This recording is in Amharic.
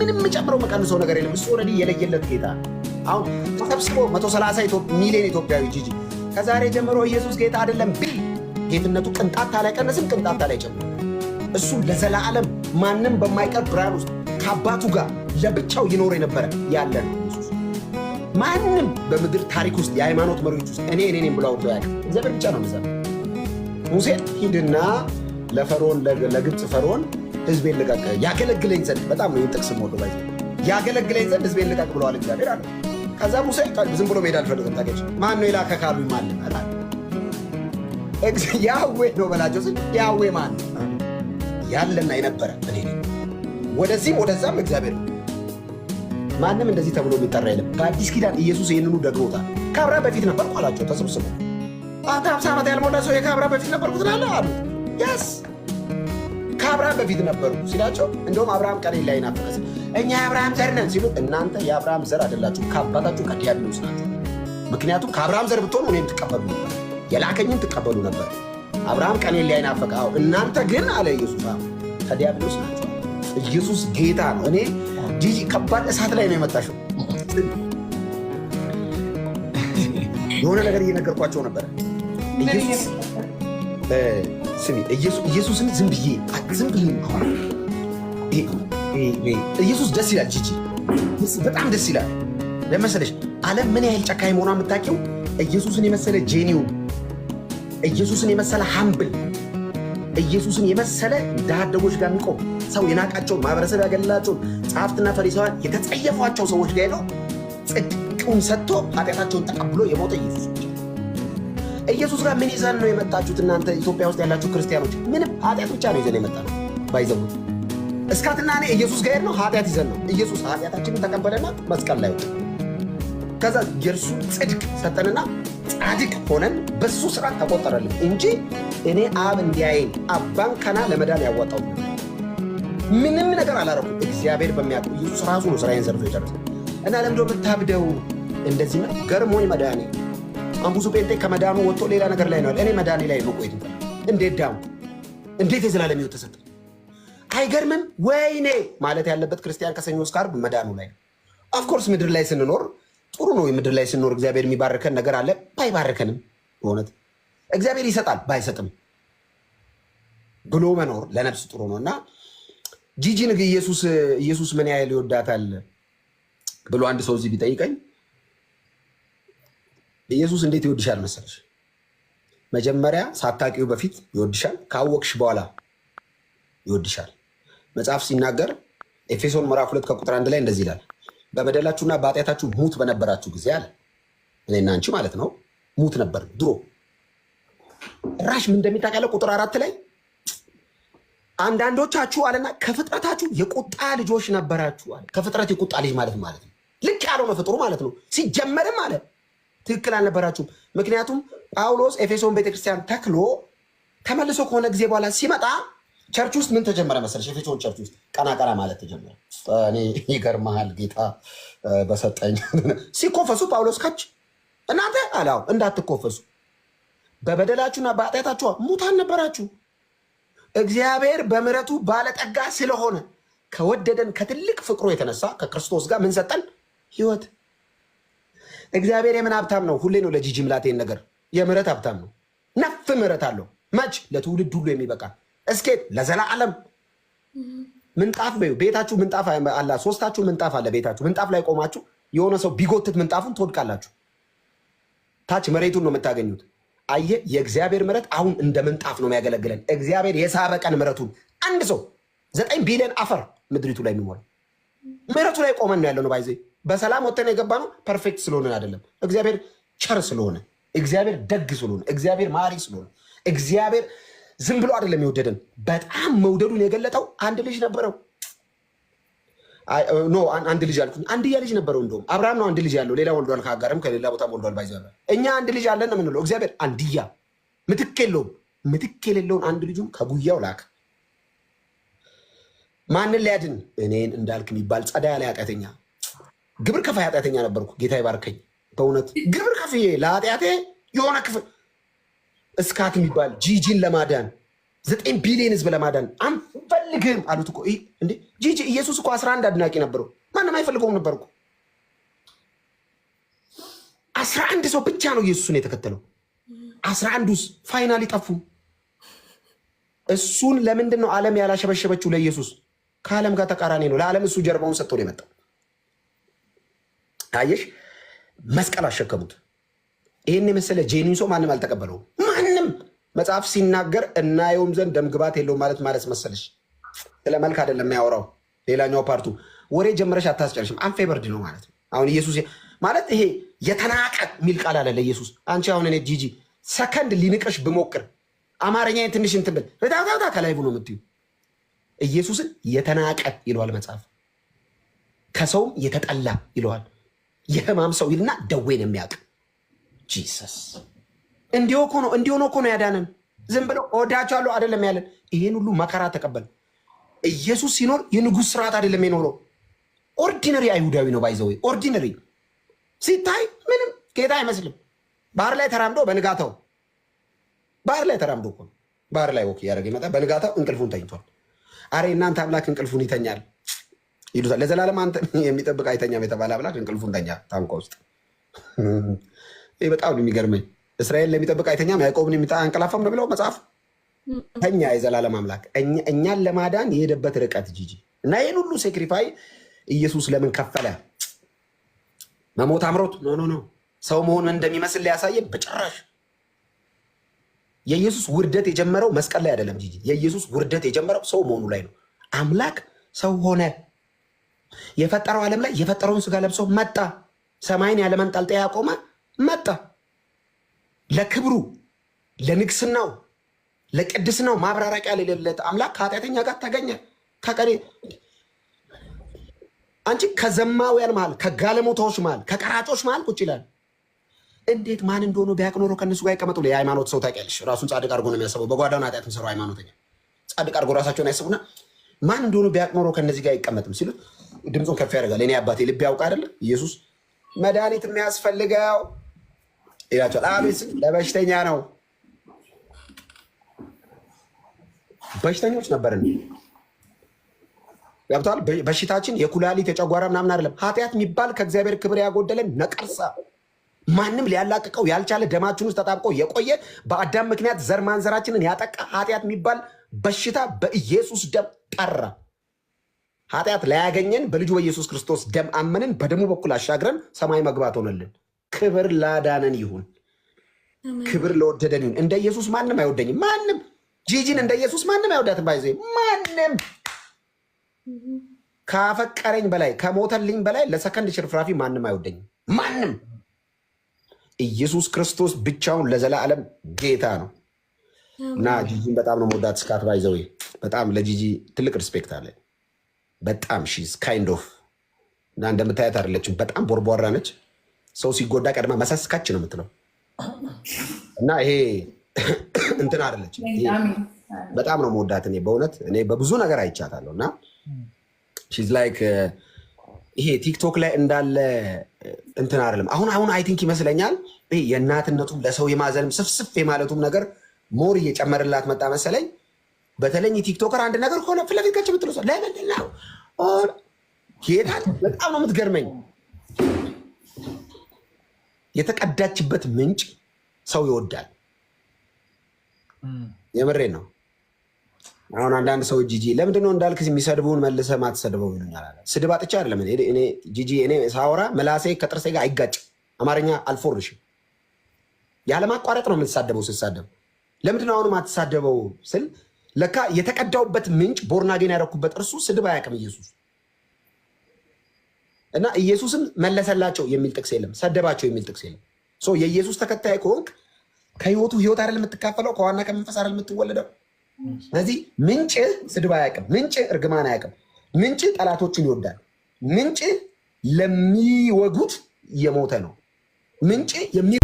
ምንም ጨምረው መቀንሰው ነገር የለም። እሱ ኦልሬዲ የለየለት ጌታ። አሁን ተሰብስቦ 130 ሚሊዮን ኢትዮጵያዊ ጂጂ ከዛሬ ጀምሮ ኢየሱስ ጌታ አይደለም ቢል ጌትነቱ ላይ ቀነስም አላይቀነስም፣ ላይ አላይጨምርም። እሱ ለዘላለም ማንም በማይቀር ብርሃን ውስጥ ከአባቱ ጋር ለብቻው ይኖር የነበረ ያለ ነው። ኢየሱስ ማንም በምድር ታሪክ ውስጥ የሃይማኖት መሪዎች ውስጥ እኔ እኔም ብሎ አውጥቶ ያለ እግዚአብሔር ብቻ ነው። ሙሴ ሂድና ለፈርዖን ለግብፅ ፈርዖን ህዝቤን ልቀቅ ያገለግለኝ ዘንድ በጣም ነው ጥቅስ ሞዶ ባይ ያገለግለኝ ዘንድ ህዝቤን ልቀቅ ብለዋል እግዚአብሔር አለ። ከዛ ሙሴ ዝም ብሎ መሄድ አልፈልግም ታገች ማን ነው የላከ ካሉ ማን ያዌ ነው በላቸው ስ ያዌ ማን ያለና የነበረ እኔ ወደዚህም ወደዛም እግዚአብሔር ማንም እንደዚህ ተብሎ የሚጠራ የለም። በአዲስ ኪዳን ኢየሱስ ይህንኑ ደግሞታል። ከአብራ በፊት ነበርኩ አላቸው ተሰብስበው። አንተ ሀምሳ ዓመት ያልሞላ ሰው ከአብራ በፊት ነበርኩ ትላለህ አሉት። ያስ ከአብርሃም በፊት ነበሩ ሲላቸው፣ እንደውም አብርሃም ቀሌ ላይ ናፈቀስ እኛ የአብርሃም ዘር ነን ሲሉ፣ እናንተ የአብርሃም ዘር አይደላችሁ ከአባታችሁ ከዲያብሎስ ናት። ምክንያቱም ከአብርሃም ዘር ብትሆኑ እኔም ትቀበሉ ነበር፣ የላከኝም ትቀበሉ ነበር። አብርሃም ቀሌ ላይ ናፈቀ። እናንተ ግን አለ ኢየሱስ ከዲያብሎስ ናቸው። ኢየሱስ ጌታ ነው። እኔ ጂጂ ከባድ እሳት ላይ ነው የመጣሽው። የሆነ ነገር እየነገርኳቸው ነበር ኢየሱስ ስሚ ኢየሱስን ዝም ብዬ ዝም ብዬ ኢየሱስ ደስ ይላል። ጂጂ በጣም ደስ ይላል። ለመሰለሽ ዓለም ምን ያህል ጨካኝ መሆኗ የምታውቂው ኢየሱስን የመሰለ ጄኒው፣ ኢየሱስን የመሰለ ሀምብል፣ ኢየሱስን የመሰለ ዳደጎች አደጎች ጋር የሚቆም ሰው የናቃቸውን ማህበረሰብ ያገለላቸውን ጸሐፍትና ፈሪሳውያን የተጸየፏቸው ሰዎች ጋር ሄደው ጽድቁን ሰጥቶ ኃጢአታቸውን ተቀብሎ የሞተ ኢየሱስ ኢየሱስ ጋር ምን ይዘን ነው የመጣችሁት? እናንተ ኢትዮጵያ ውስጥ ያላችሁ ክርስቲያኖች ምንም ኃጢአት ብቻ ነው ይዘን የመጣ ነው። ባይዘቡ እስካትና እኔ ኢየሱስ ጋር ነው ኃጢአት ይዘን ነው። ኢየሱስ ኃጢአታችንን ተቀበለና መስቀል ላይ ወጣ። ከዛ የእርሱ ጽድቅ ሰጠንና ጻድቅ ሆነን በሱ ስራ ተቆጠረልን እንጂ እኔ አብ እንዲያይን አባን ከና ለመዳን ያወጣው ምንም ነገር አላረኩም። እግዚአብሔር በሚያውቀው ኢየሱስ ራሱ ነው ስራዬን ዘርፎ የጨረሰው እና ለምዶ ብታብደው እንደዚህ ነው ገርሞኝ መድኃኔ አንቡሱ ጴንጤ ከመዳኑ ወጥቶ ሌላ ነገር ላይ ነው። እኔ መዳኔ ላይ ነው። ቆይት እንዴት ዳው እንዴት የዘላለም ሕይወት ተሰጠ? አይገርምም? ወይኔ ማለት ያለበት ክርስቲያን ከሰኞ እስከ ዓርብ መዳኑ ላይ ነው። ኦፍኮርስ ምድር ላይ ስንኖር ጥሩ ነው። ምድር ላይ ስንኖር እግዚአብሔር የሚባርከን ነገር አለ፣ ባይባርከንም በእውነት እግዚአብሔር ይሰጣል ባይሰጥም ብሎ መኖር ለነፍስ ጥሩ ነው እና ጂጂን ኢየሱስ ምን ያህል ይወዳታል ብሎ አንድ ሰው እዚህ ቢጠይቀኝ ኢየሱስ እንዴት ይወድሻል መሰለሽ? መጀመሪያ ሳታቂው በፊት ይወድሻል፣ ካወቅሽ በኋላ ይወድሻል። መጽሐፍ ሲናገር ኤፌሶን ምዕራፍ ሁለት ከቁጥር አንድ ላይ እንደዚህ ይላል፣ በበደላችሁና በኃጢአታችሁ ሙት በነበራችሁ ጊዜ አለ። እኔና አንቺ ማለት ነው ሙት ነበር ድሮ። ራሽ ምን እንደሚታቃለ ቁጥር አራት ላይ አንዳንዶቻችሁ አለና ከፍጥረታችሁ የቁጣ ልጆች ነበራችሁ ከፍጥረት የቁጣ ልጅ ማለት ማለት ነው ልክ ያለው መፈጥሩ ማለት ነው ሲጀመርም አለ ትክክል አልነበራችሁም። ምክንያቱም ጳውሎስ ኤፌሶን ቤተክርስቲያን ተክሎ ተመልሶ ከሆነ ጊዜ በኋላ ሲመጣ ቸርች ውስጥ ምን ተጀመረ መሰለሽ? ኤፌሶን ቸርች ውስጥ ቀናቀና ማለት ተጀመረ። እኔ ይገርመሃል ጌታ በሰጠኝ ሲኮፈሱ ጳውሎስ ከች እናንተ አላው እንዳትኮፈሱ በበደላችሁና በኃጢአታችሁ ሙታን ነበራችሁ። እግዚአብሔር በምረቱ ባለጠጋ ስለሆነ ከወደደን ከትልቅ ፍቅሩ የተነሳ ከክርስቶስ ጋር ምን ሰጠን? ህይወት? እግዚአብሔር የምን ሀብታም ነው? ሁሌ ነው ለጂጂ ምላቴን ነገር የምህረት ሀብታም ነው። ነፍ ምህረት አለው መች ለትውልድ ሁሉ የሚበቃ እስኬት ለዘላለም ምንጣፍ በዩ ቤታችሁ ምንጣፍ አላ ሶስታችሁ ምንጣፍ አለ ቤታችሁ ምንጣፍ ላይ ቆማችሁ የሆነ ሰው ቢጎትት ምንጣፉን ትወድቃላችሁ። ታች መሬቱን ነው የምታገኙት። አየ የእግዚአብሔር ምህረት አሁን እንደ ምንጣፍ ነው የሚያገለግለን። እግዚአብሔር የሳበቀን ምህረቱን አንድ ሰው ዘጠኝ ቢሊዮን አፈር ምድሪቱ ላይ የሚሞላ ምህረቱ ላይ ቆመን ነው ያለ ነው ባይዜ በሰላም ወተን የገባ ነው። ፐርፌክት ስለሆነ አይደለም። እግዚአብሔር ቸር ስለሆነ፣ እግዚአብሔር ደግ ስለሆነ፣ እግዚአብሔር ማሪ ስለሆነ፣ እግዚአብሔር ዝም ብሎ አይደለም የወደደን። በጣም መውደዱን የገለጠው አንድ ልጅ ነበረው። ኖ አንድ ልጅ አልኩኝ፣ አንድያ ልጅ ነበረው። እንደውም አብርሃም ነው አንድ ልጅ ያለው፣ ሌላ ወልዷል። ከአጋርም ከሌላ ቦታ ወልዷል። ባይዘ እኛ አንድ ልጅ አለን ነው የምንለው። እግዚአብሔር አንድያ ምትክ የለውም። ምትክ የሌለውን አንድ ልጁም ከጉያው ላክ ማንን ሊያድን እኔን እንዳልክ የሚባል ጸዳ ያለ ኃጢአተኛ ግብር ከፋይ ኃጢአተኛ ነበርኩ። ጌታ ይባርከኝ። በእውነት ግብር ከፍዬ ለኃጢአቴ የሆነ ክፍል እስካት የሚባል ጂጂን ለማዳን ዘጠኝ ቢሊዮን ህዝብ ለማዳን አንፈልግም አሉት እኮ እንዴ ጂጂ። ኢየሱስ እኮ አስራ አንድ አድናቂ ነበሩ ማንም አይፈልገውም ነበርኩ። አስራ አንድ ሰው ብቻ ነው ኢየሱስን የተከተለው። አስራ አንዱስ ፋይናል ይጠፉ። እሱን ለምንድን ነው ዓለም ያላሸበሸበችው? ለኢየሱስ ከዓለም ጋር ተቃራኒ ነው። ለዓለም እሱ ጀርባውን ሰጥቶ ነው የመጣው። ታየሽ፣ መስቀል አሸከሙት። ይህን የመሰለ ጄኒን ሰው ማንም አልተቀበለው። ማንም መጽሐፍ ሲናገር እናየውም ዘንድ ደምግባት የለውም ማለት ማለት መሰለሽ። ስለ መልክ አይደለም የሚያወራው። ሌላኛው ፓርቱ ወሬ ጀመረሽ አታስጨርሽም። አንፌቨርድ ነው ማለት ነው። አሁን ኢየሱስ ማለት ይሄ የተናቀ የሚል ቃል አለ ለኢየሱስ። አንቺ አሁን እኔ ጂጂ ሰከንድ ሊንቅሽ ብሞክር አማርኛ ትንሽ እንትን ብል ከላይ ብሎ የምትዩ ኢየሱስን የተናቀ ይለዋል መጽሐፍ፣ ከሰውም የተጠላ ይለዋል። የህማም ሰው ይልና ደዌን የሚያውቅ ጂሰስ እንዲሆ እኮ ነው እንዲሆነ እኮ ነው ያዳነን። ዝም ብለው እወዳቸዋለሁ አይደለም ያለን። ይህን ሁሉ መከራ ተቀበል። ኢየሱስ ሲኖር የንጉሥ ስርዓት አይደለም የኖረው። ኦርዲነሪ አይሁዳዊ ነው ባይዘወይ ኦርዲነሪ ሲታይ ምንም ጌታ አይመስልም። ባህር ላይ ተራምዶ በንጋታው ባህር ላይ ተራምዶ እኮ ባህር ላይ ወክ እያደረገ ይመጣ በንጋታው እንቅልፉን ተኝቷል። አሬ እናንተ አምላክ እንቅልፉን ይተኛል። ይሉታል። ለዘላለም አንተ የሚጠብቅ አይተኛም የተባለ አምላክ እንቅልፉን ተኛ ታንኳ ውስጥ። ይህ በጣም ነው የሚገርመኝ። እስራኤል ለሚጠብቅ አይተኛም ያዕቆብን የሚጣ አንቀላፋም ነው ብለው መጽሐፍ ተኛ። የዘላለም አምላክ እኛን ለማዳን የሄደበት ርቀት ጂጂ እና ይህን ሁሉ ሴክሪፋይ ኢየሱስ ለምን ከፈለ? መሞት አምሮት ኖ ኖ ኖ ሰው መሆን እንደሚመስል ሊያሳየን በጭራሽ። የኢየሱስ ውርደት የጀመረው መስቀል ላይ አይደለም ጂጂ። የኢየሱስ ውርደት የጀመረው ሰው መሆኑ ላይ ነው። አምላክ ሰው ሆነ። የፈጠረው ዓለም ላይ የፈጠረውን ስጋ ለብሶ መጣ። ሰማይን ያለመንጠልጠያ ያቆመ መጣ። ለክብሩ ለንግስናው ለቅድስናው ማብራሪያ የሌለት አምላክ ከኃጢአተኛ ጋር ተገኘ። ከቀሪ አንቺ ከዘማውያን መሃል ከጋለሞታዎች መሃል ከቀራጮች መሃል ቁጭ ይላል። እንዴት ማን እንደሆነ ቢያውቅ ኖሮ ከእነሱ ጋር ይቀመጡ። የሃይማኖት ሰው ታውቂያለሽ፣ ራሱን ጻድቅ አድርጎ ነው የሚያስበው። በጓዳውን ኃጢአት የሚሰሩ ሃይማኖተኛ ጻድቅ አድርጎ ራሳቸውን ያስቡና ማን እንደሆነ ቢያውቅ ኖሮ ከእነዚህ ጋር አይቀመጥም ሲሉት ድምፁን ከፍ ያደርጋል። እኔ አባቴ ልብ ያውቅ አይደለ ኢየሱስ መድኃኒት የሚያስፈልገው ይላቸዋል። አቤት ለበሽተኛ ነው። በሽተኞች ነበርን። ገብተዋል። በሽታችን የኩላሊት የጨጓራ ምናምን አይደለም። ኃጢአት የሚባል ከእግዚአብሔር ክብር ያጎደለን ነቀርሳ ማንም ሊያላቅቀው ያልቻለ ደማችን ውስጥ ተጣብቆ የቆየ በአዳም ምክንያት ዘር ማንዘራችንን ያጠቃ ኃጢአት የሚባል በሽታ በኢየሱስ ደም ጠራ። ኃጢአት ላያገኘን በልጁ በኢየሱስ ክርስቶስ ደም አመንን፣ በደሙ በኩል አሻግረን ሰማይ መግባት ሆነልን። ክብር ላዳነን ይሁን፣ ክብር ለወደደን ይሁን። እንደ ኢየሱስ ማንም አይወደኝም። ማንም ጂጂን እንደ ኢየሱስ ማንም አይወዳትም። ባይዘ ማንም ካፈቀረኝ በላይ ከሞተልኝ በላይ ለሰከንድ ሽርፍራፊ ማንም አይወደኝም። ማንም ኢየሱስ ክርስቶስ ብቻውን ለዘላለም ጌታ ነው እና ጂጂን በጣም ነው መወዳት። ስካት ባይዘዌ በጣም ለጂጂ ትልቅ ሪስፔክት አለን። በጣም ሺዝ ካይንድ ኦፍ እና እንደምታያት አይደለችም። በጣም ቦርቧራ ነች። ሰው ሲጎዳ ቀድማ መሳስካች ነው የምትለው እና ይሄ እንትን አደለች በጣም ነው መወዳት እኔ በእውነት እኔ በብዙ ነገር አይቻታለሁ እና ሺዝ ላይክ ይሄ ቲክቶክ ላይ እንዳለ እንትን አይደለም። አሁን አሁን አይ ቲንክ ይመስለኛል የእናትነቱም ለሰው የማዘንም ስፍስፍ የማለቱም ነገር ሞር እየጨመረላት መጣ መሰለኝ። በተለይ ቲክቶከር አንድ ነገር ሆነ ፊት ለፊት ከች ብትለሷ ለምንድን ነው ጌታ በጣም ነው የምትገርመኝ። የተቀዳችበት ምንጭ ሰው ይወዳል። የምሬ ነው። አሁን አንዳንድ ሰው ጂጂ ለምንድን ነው እንዳልክ የሚሰድቡን መልሰ ማትሰድበው ይሉኛል። ስድብ አጥቻ አይደለም ጂጂ። እኔ ሳወራ መላሴ ከጥርሴ ጋር አይጋጭም። አማርኛ አልፎርሽም። ያለማቋረጥ ነው የምትሳደበው። ስሳደብ ለምንድን ነው አሁንም አትሳደበው ስል ለካ የተቀዳውበት ምንጭ ቦርናጌን ያደረኩበት እርሱ ስድብ አያውቅም ኢየሱስ እና ኢየሱስም መለሰላቸው የሚል ጥቅስ የለም። ሰደባቸው የሚል ጥቅስ የለም። የኢየሱስ ተከታይ ከሆንክ ከህይወቱ ህይወት አይደል የምትካፈለው፣ ከዋና ከመንፈስ አይደል የምትወለደው። ስለዚህ ምንጭ ስድብ አያውቅም፣ ምንጭ እርግማን አያውቅም፣ ምንጭ ጠላቶችን ይወዳል፣ ምንጭ ለሚወጉት የሞተ ነው፣ ምንጭ